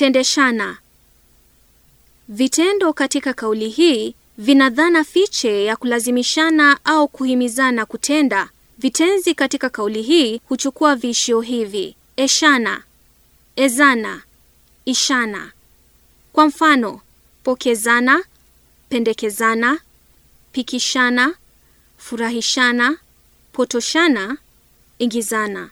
Tendeshana. Vitendo katika kauli hii vina dhana fiche ya kulazimishana au kuhimizana kutenda. Vitenzi katika kauli hii huchukua viishio hivi: eshana, ezana, ishana. Kwa mfano, pokezana, pendekezana, pikishana, furahishana, potoshana, ingizana.